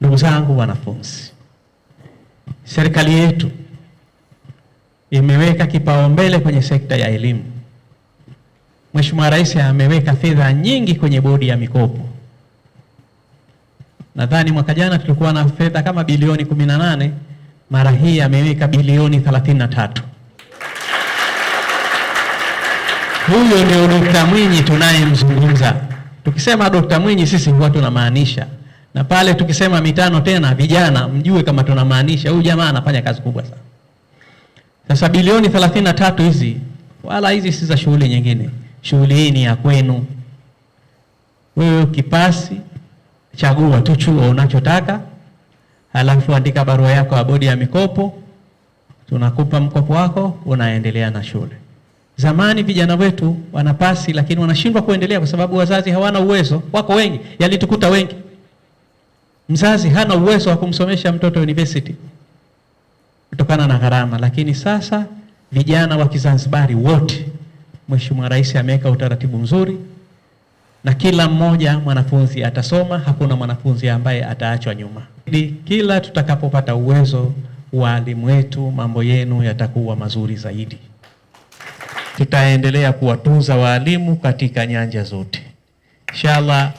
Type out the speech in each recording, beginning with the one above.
Ndugu zangu wanafunzi, serikali yetu imeweka kipaumbele kwenye sekta ya elimu. Mheshimiwa Rais ameweka fedha nyingi kwenye bodi ya mikopo. Nadhani mwaka jana tulikuwa na fedha kama bilioni 18, mara hii ameweka bilioni 33. Huyo ndio dokta Mwinyi tunayemzungumza. Tukisema dokta Mwinyi sisi huwa tunamaanisha na pale tukisema mitano tena, vijana mjue kama tunamaanisha huyu jamaa anafanya kazi kubwa sana. Sasa bilioni 33 hizi wala hizi si za shughuli nyingine, shughuli hii ni ya kwenu wewe. Kipasi chagua tu chuo unachotaka, halafu andika barua yako ya bodi ya mikopo, tunakupa mkopo wako, unaendelea na shule. Zamani vijana wetu wanapasi, lakini wanashindwa kuendelea kwa sababu wazazi hawana uwezo. Wako wengi, yalitukuta wengi Mzazi hana uwezo wa kumsomesha mtoto university kutokana na gharama, lakini sasa vijana wa Kizanzibari wote, Mheshimiwa Rais ameweka utaratibu mzuri na kila mmoja mwanafunzi atasoma, hakuna mwanafunzi ambaye ataachwa nyuma. Kila tutakapopata uwezo wa walimu wetu, mambo yenu yatakuwa mazuri zaidi. Tutaendelea kuwatunza waalimu katika nyanja zote, inshallah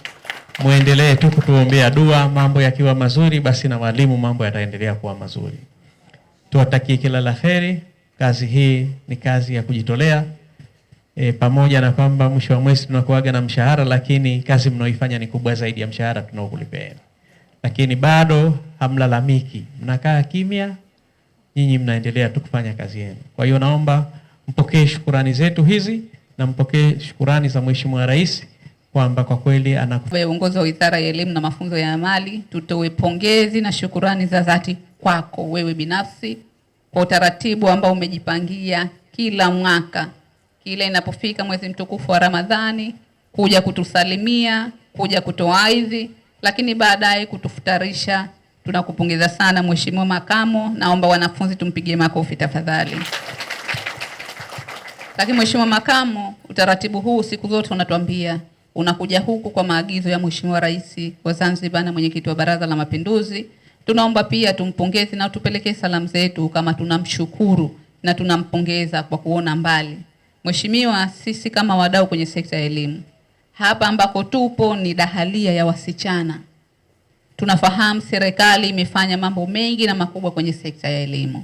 muendelee tu kutuombea dua. Mambo yakiwa mazuri, basi na walimu mambo yataendelea kuwa mazuri. Tuwatakie kila la heri. Kazi hii ni kazi ya kujitolea e, pamoja na kwamba mwisho wa mwezi tunakuaga na mshahara, lakini kazi mnaoifanya ni kubwa zaidi ya mshahara tunaokulipea. Lakini bado hamlalamiki, mnakaa kimya, nyinyi mnaendelea tu kufanya kazi yenu. Kwa hiyo naomba mpokee shukurani zetu hizi na mpokee shukurani za Mheshimiwa Rais kwamba kwa kweli anaongoza wa Wizara ya Elimu na Mafunzo ya Amali, tutoe pongezi na shukurani za dhati kwako wewe binafsi kwa utaratibu ambao umejipangia kila mwaka, kila inapofika mwezi mtukufu wa Ramadhani, kuja kutusalimia, kuja kutoa idhi, lakini baadaye kutufutarisha. Tunakupongeza sana Mheshimiwa Makamo, naomba wanafunzi tumpigie makofi tafadhali. Lakini Mheshimiwa Makamo, utaratibu huu siku zote unatuambia unakuja huku kwa maagizo ya Mheshimiwa Rais wa Zanzibar na mwenyekiti wa Baraza la Mapinduzi. Tunaomba pia tumpongeze na tupelekee salamu zetu kama tunamshukuru na tunampongeza kwa kuona mbali. Mheshimiwa, sisi kama wadau kwenye sekta ya elimu hapa ambako tupo ni dahalia ya wasichana. Tunafahamu serikali imefanya mambo mengi na makubwa kwenye sekta ya elimu,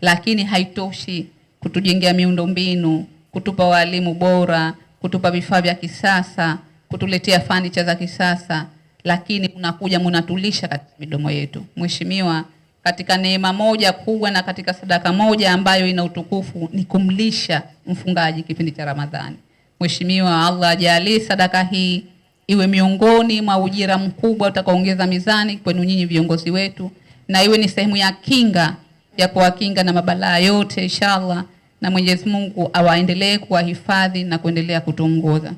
lakini haitoshi kutujengea miundombinu, kutupa walimu bora, kutupa vifaa vya kisasa kutuletea fanicha za kisasa, lakini mnakuja mnatulisha katika midomo yetu. Mheshimiwa, katika neema moja kubwa na katika sadaka moja ambayo ina utukufu ni kumlisha mfungaji kipindi cha Ramadhani. Mheshimiwa, Allah ajalie sadaka hii iwe miongoni mwa ujira mkubwa utakaoongeza mizani kwenu nyinyi viongozi wetu, na iwe ni sehemu ya kinga ya kuwakinga na mabalaa yote inshallah, na Mwenyezi Mungu awaendelee kuwahifadhi na kuendelea kutuongoza.